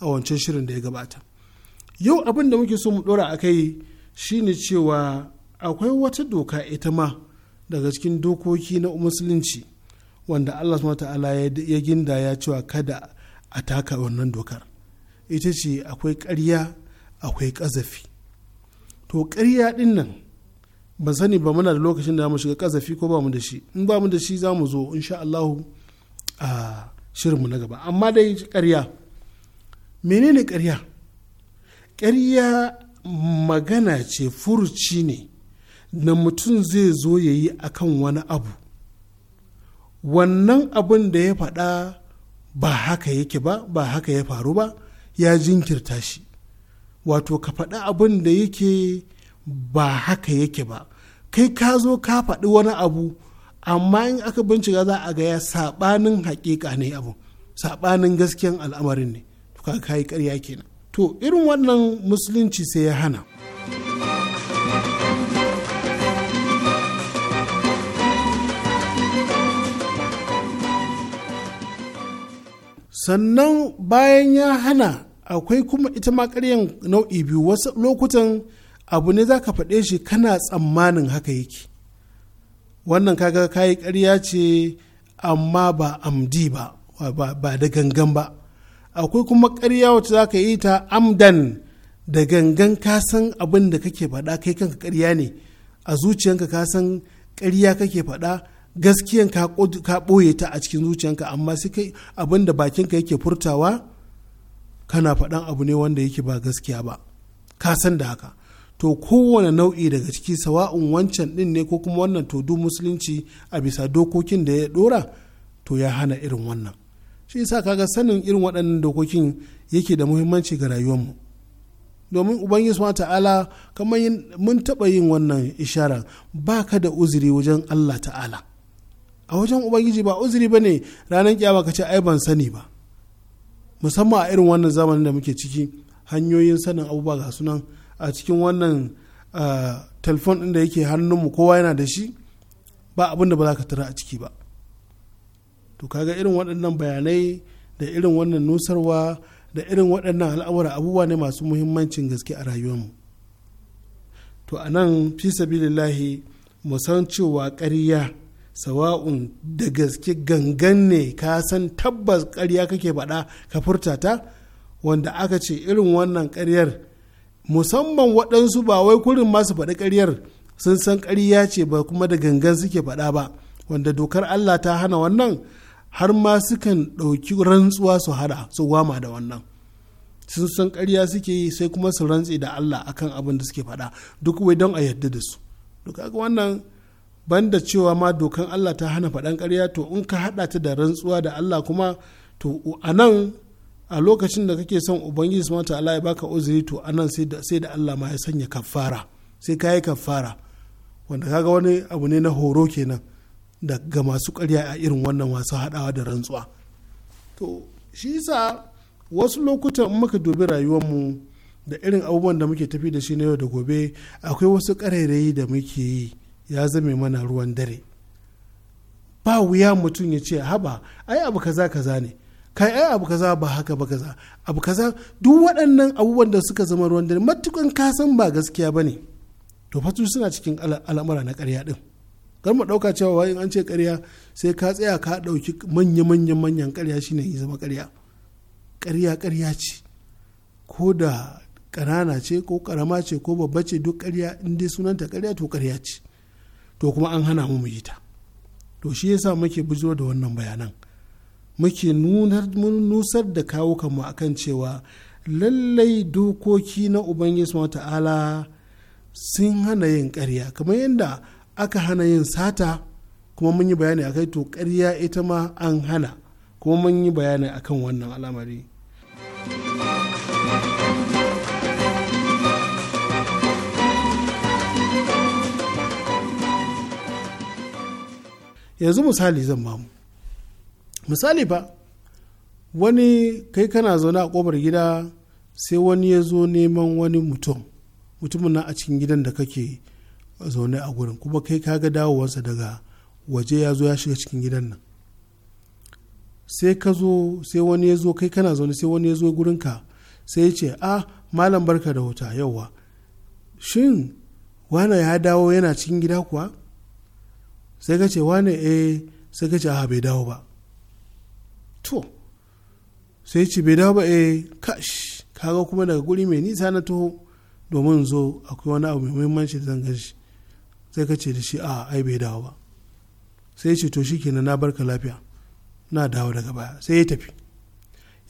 a wancan shirin da ya gabata yau abin da muke so mu dora akai shine cewa akwai wata doka ita ma daga cikin dokoki na musulunci wanda Allah subhanahu ta'ala ya ginda ya cewa kada a taka wannan dokar ita ce akwai karya. akwai ƙazafi to ƙarya ɗin nan ban sani ba muna da lokacin da mu shiga ƙazafi ko ba mu da shi in ba mu da shi za mu zo insha Allahu a mu na gaba amma dai ƙarya menene ƙarya ƙarya magana ce furuci ne na mutum zai zo ya yi a kan wani abu wannan abin da ya faɗa ba haka yake ba ba haka ya faru ba ya jinkirta shi wato ka faɗi abin da yake ba haka yake ba kai ka zo ka faɗi wani abu amma in aka bincika za a ga ya saɓanin haƙiƙa ne abu saɓanin gaskiyan al'amarin ne to ka kai ƙarya kenan to irin wannan musulunci sai ya hana sannan bayan ya hana akwai kuma ita ma karyan nau'i biyu wasu lokutan abu ne za ka faɗe shi kana tsammanin haka yake wannan kaga kayi karya ce amma ba amdi ba ba da gangan ba akwai kuma karya wacce za ka yi ta amdan da gangan ka san abin da kake faɗa kai kanka karya ne a zuciyanka ka san karya kake faɗa gaskiyan ka ɓoye ta a cikin zuciyanka amma sai kai abin da bakinka yake furtawa kana faɗan abu ne wanda yake ba gaskiya ba ka san da haka to kowane nau'i daga ciki sawa'un wancan din ne ko kuma wannan to musulunci a bisa dokokin da ya ɗora to ya hana irin wannan shi yasa kaga sanin irin waɗannan dokokin yake da muhimmanci ga rayuwarmu domin ubangiji subhanahu ta'ala kamar mun taɓa yin wannan isharar baka da uzuri wajen Allah ta'ala a wajen ubangiji ba uzuri bane ranar kiyama ka ce ai ban sani ba musamman a irin wannan zamanin da muke ciki hanyoyin sanin abubuwa ga sunan a cikin wannan telefon ɗin da yake hannunmu kowa yana da shi ba abin da ba za ka tara a ciki ba to kaga irin waɗannan bayanai da irin wannan nusarwa da irin waɗannan al'amura abubuwa ne masu muhimmancin gaske a rayuwar mu to a nan fi sabilillahi mu san cewa ƙarya sawa'un da gaske gangan ne ka san tabbas karya kake faɗa ka furta ta wanda aka ce irin wannan karyar musamman waɗansu ba wai kurin masu faɗi karyar sun san karya ce ba kuma da gangan suke faɗa ba wanda dokar Allah ta hana wannan har ma sukan ɗauki rantsuwa su hada su gwama da wannan sun san karya suke yi sai kuma su rantse da Allah akan abin da suke faɗa duk wai don a yarda da su duk wannan banda cewa ma dokan Allah ta hana faɗan ƙarya to in ka haɗa ta da rantsuwa da Allah kuma to a nan a lokacin da kake son ubangiji mata Allah ya baka uzuri to a nan sai da Allah ma ya sanya kafara sai ka yi kafara wanda kaga wani abu ne na horo kenan daga masu ƙarya a irin wannan wasu haɗawa da rantsuwa to shi yasa wasu lokutan muka dubi rayuwarmu da irin abubuwan da muke tafi da shi na yau da gobe akwai wasu ƙarairayi da muke yi ya zame mana ruwan dare ba wuya mutum ya ce haba ai abu kaza kaza ne kai ai abu kaza ba haka ba kaza abu kaza duk waɗannan abubuwan da suka zama ruwan dare matukan kasan ba gaskiya ba ne to fatu suna cikin al'amura na ƙarya ɗin kar mu ɗauka cewa in an ce ƙarya sai ka tsaya ka ɗauki manya-manyan manyan ƙarya shine ya zama ƙarya ƙarya ƙarya ce ko da ƙanana ce ko ƙarama ce ko babba ce duk ƙarya in dai sunanta ƙarya to ƙarya ce to kuma an hana mu yi ta to shi yasa muke bujo da wannan bayanan muke nusar da kawo kanmu akan cewa lallai dokoki na ubangiji ta'ala sun hana yin karya. kamar yadda aka hana yin sata kuma mun yi bayani akai to karya ita ma an hana kuma mun yi bayani akan wannan al'amari yanzu misali zan mamu misali ba wani kai kana zaune a kobar gida sai wani ya zo neman wani mutum mutumin nan a cikin gidan da kake zaune a gurin kuma kai ka ga dawowarsa daga waje ya zo ya shiga cikin gidan nan sai ka zo sai wani ya zo kai kana zaune sai wani ya zo gurinka sai ya ce ah malam barka da wuta yauwa shin wana ya dawo yana cikin gida kuwa sai ka ce wane eh sai ka ce a bai dawo ba to sai ce bai dawo ba eh kash kaga kuma daga guri mai nisa na taho domin zo akwai wani abu mai muhimmanci da zan gashi sai ka ce da shi a ai bai dawo ba sai ce to shi na barka lafiya na dawo daga baya sai ya tafi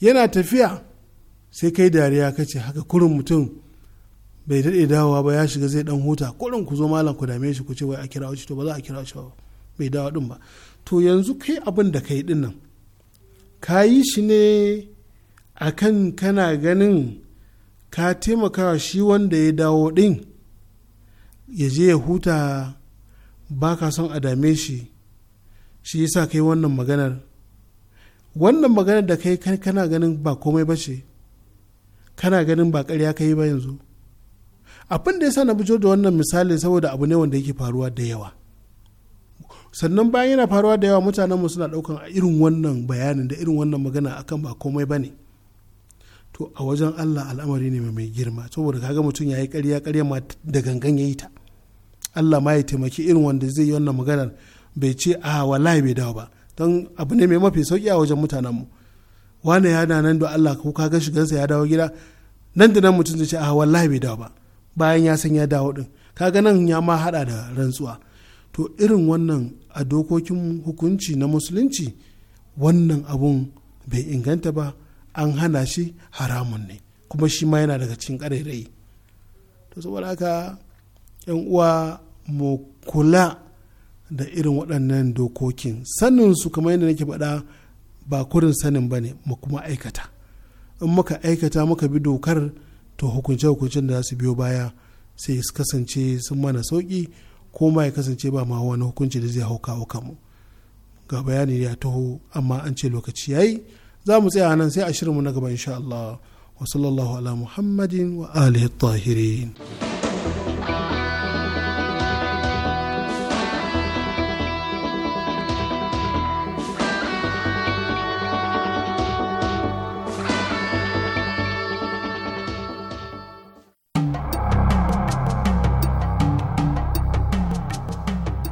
yana tafiya sai kai dariya ka ce haka kurin mutum bai daɗe dawowa ba ya shiga zai ɗan huta kurin ku zo malam ku dame shi ku ce wai a kira shi to ba za a kira shi ba bai dawo din ba to yanzu kai abin da kai din nan ka yi shi ne akan kana ganin ka taimaka shi wanda ya dawo din ya je ya huta ba ka son a dame shi shi yasa kai wannan maganar wannan maganar da kai kana ganin ba komai ba ce kana ganin ba karya ka yi ba yanzu abin da ya sa na bujo da wannan misali saboda abu ne wanda yake faruwa da yawa sannan bayan yana faruwa da yawa mutanen mu suna daukan irin wannan bayanin da irin wannan magana akan ba komai bane to a wajen Allah al'amari ne mai girma saboda kaga mutum ya yi ƙarya karya ma da gangan ya yi ta Allah ma ya taimaki irin wanda zai yi wannan maganar bai ce a wallahi bai dawo ba don abu ne mai mafi sauki a wajen mutanen mu wane ya nan da Allah ko kaga sa ya dawo gida nan da nan mutum zai ce a wallahi bai dawo ba bayan ya san ya dawo din kaga nan ya ma hada da rantsuwa to irin wannan a dokokin hukunci na musulunci wannan abun bai inganta ba an hana shi haramun ne kuma shi ma yana daga cikin ƙarairayi to saboda haka yan uwa mu kula da irin waɗannan dokokin sanin su kamar yadda nake faɗa ba kurin sanin ba ne mu kuma aikata in muka aikata muka bi dokar to hukunce-hukuncen da za su biyo baya sai su kasance sun mana sauƙi ko ma ya kasance ba ma wani hukunci da zai hauka kawo kanmu ga bayani ya taho amma an ce lokaci yayi za mu tsaya nan sai a mu na gaba insha Allah wa ala muhammadin wa alihi tahirin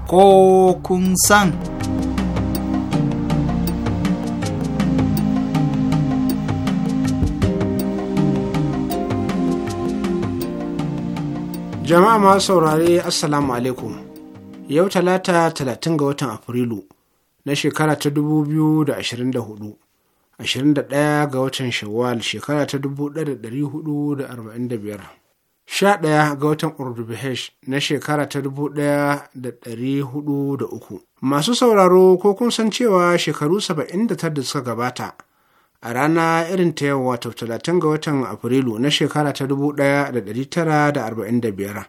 ko kun san. Jama'a masu saurare Assalamu alaikum. Yau talata talatin ga watan Afrilu na shekara ta dubu biyu da ashirin da hudu, ashirin da ɗaya ga watan Shawwal shekara ta dubu ɗaya da ɗari hudu da arba'in da biyar. 11 ga watan Urdubihesh na shekara ta ɗaya da uku. Masu sauraro ko kun san cewa shekaru 79 da suka gabata a rana irin ta yau wato 30 ga watan Afrilu na shekara ta biyar,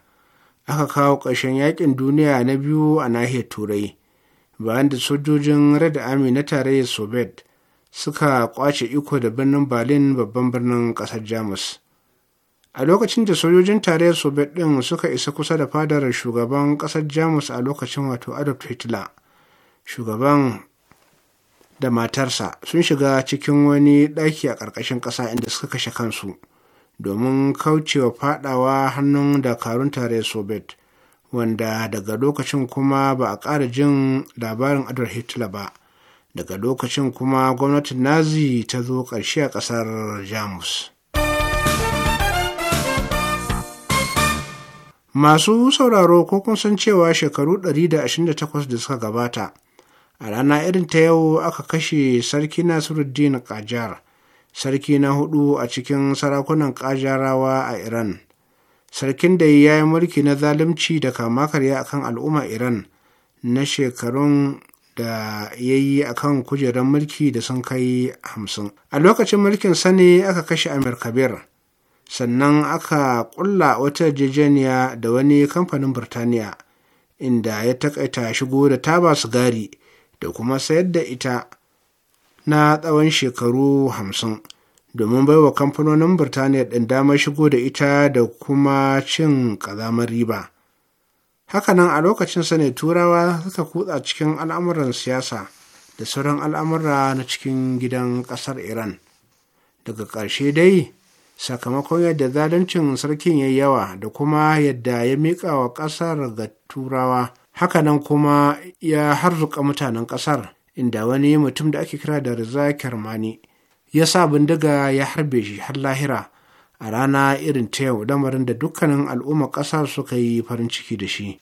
aka kawo ƙarshen yakin duniya na biyu a nahiyar Turai bayan da sojojin Red Army na tarayyar Soviet suka kwace iko da birnin Berlin babban birnin ƙasar Jamus. a lokacin da sojojin tarayyar soviet ɗin suka isa kusa da fadar shugaban ƙasar jamus a lokacin wato adolf hitler shugaban da matarsa sun shiga cikin wani ɗaki a ƙarƙashin ƙasa inda suka kashe kansu domin kaucewa faɗawa hannun dakarun tarayyar soviet wanda daga lokacin kuma ba a ƙara jin labarin adolf hitler ba daga lokacin kuma gwamnatin nazi ta zo ƙarshe a ƙasar jamus Masu sauraro ko kun san cewa shekaru 128 da suka gabata, a rana irin ta yau aka kashe Sarki Nasiruddin Kajar, sarki na hudu a cikin sarakunan Kajarawa a Iran. Sarkin da ya yi mulki na zalunci da kama karya a kan al'umma Iran na shekarun da ya yi a kan kujerar mulki da sun kai hamsin. A lokacin mulkin sani aka kashe Amir Kabir. sannan aka ƙulla wata jejeniya da wani kamfanin Birtaniya inda ya takaita shigo da taba sigari da kuma sayar da ita na tsawon shekaru hamsin domin baiwa kamfanonin Birtaniya ɗin damar shigo da ita da kuma cin ƙazamar riba. Hakanan a lokacin ne turawa suka kutsa cikin al'amuran siyasa da sauran al'amura na cikin gidan ƙasar Iran. Daga ƙarshe dai, sakamakon yadda zaluncin sarkin ya yawa da kuma yadda ya miƙa wa ƙasar ga turawa hakanan kuma ya harzuka mutanen ƙasar inda wani mutum da ake kira da riza kermani ya sa bindiga ya harbe shi har lahira a rana irin ta yau lamarin da dukkanin al'ummar ƙasar suka yi farin ciki da shi.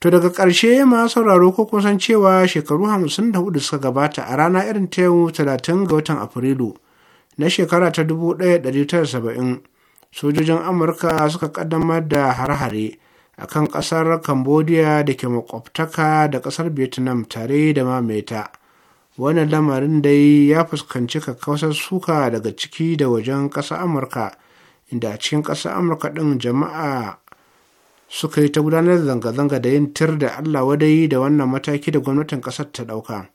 To daga ƙarshe ma sauraro ko kusan cewa shekaru hamsin da hudu suka gabata a rana irin ta yau talatin ga watan Afrilu na shekara ta 1970 sojojin Amurka suka ƙaddamar da harhare a kan ƙasar Cambodia da ke makwabtaka da ƙasar Vietnam tare da mamaita. Wannan lamarin dai ya fuskanci kakkausar suka daga ciki da wajen ƙasar Amurka. inda a cikin ƙasar amurka ɗin jama'a suka yi ta gudanar da zanga-zanga da yin tir da allah wadai da wannan mataki da gwamnatin ƙasar ta ɗauka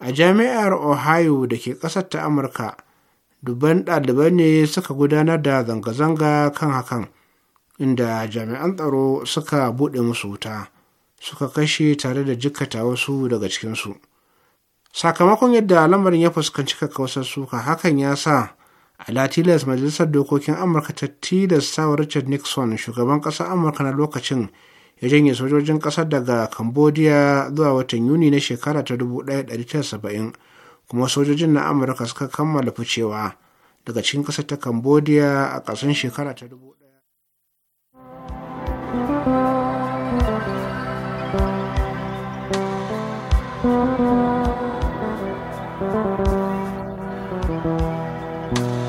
a jami'ar ohio da ke ƙasar ta amurka dubban ɗaliban ne suka gudanar da zanga-zanga kan hakan inda jami'an tsaro suka buɗe musu wuta suka kashe tare da jikkata wasu daga cikinsu sakamakon yadda lamarin ya fuskanci kakkausar suka hakan ya sa ala tilas majalisar dokokin amurka ta tilasta wa richard nixon shugaban ƙasar amurka na lokacin ya janye sojojin ƙasar daga cambodia zuwa watan yuni na shekara ta 1970 kuma sojojin na amurka suka kammala ficewa daga cikin ƙasar ta cambodia a ƙasan shekara ta 1970 thank you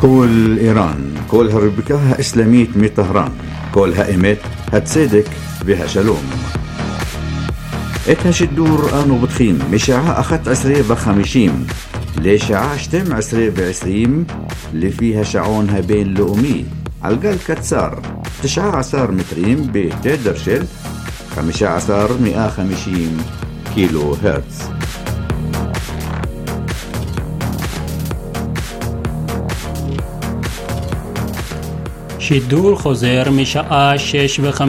كل إيران كلها ربكاها إسلاميت مي طهران كلها إيمت هتسيدك بها شلوم إتهش الدور آنو بتخيم مشاعة أخت عسرية بخمشيم ليش عاشتم عسرية بعسريم اللي فيها شعونها بين لؤمي عالقال كتسار تشعة عصار متريم بتدرشل خمشة عصار مئة خمشيم كيلو هرتز שידור חוזר משעה 6:50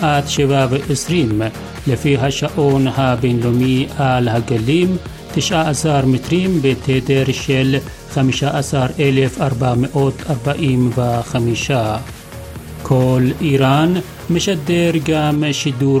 עד 7:20 לפי השעון הבינלאומי על הגלים 19 מטרים בתדר של 15,445. כל איראן משדר גם שידור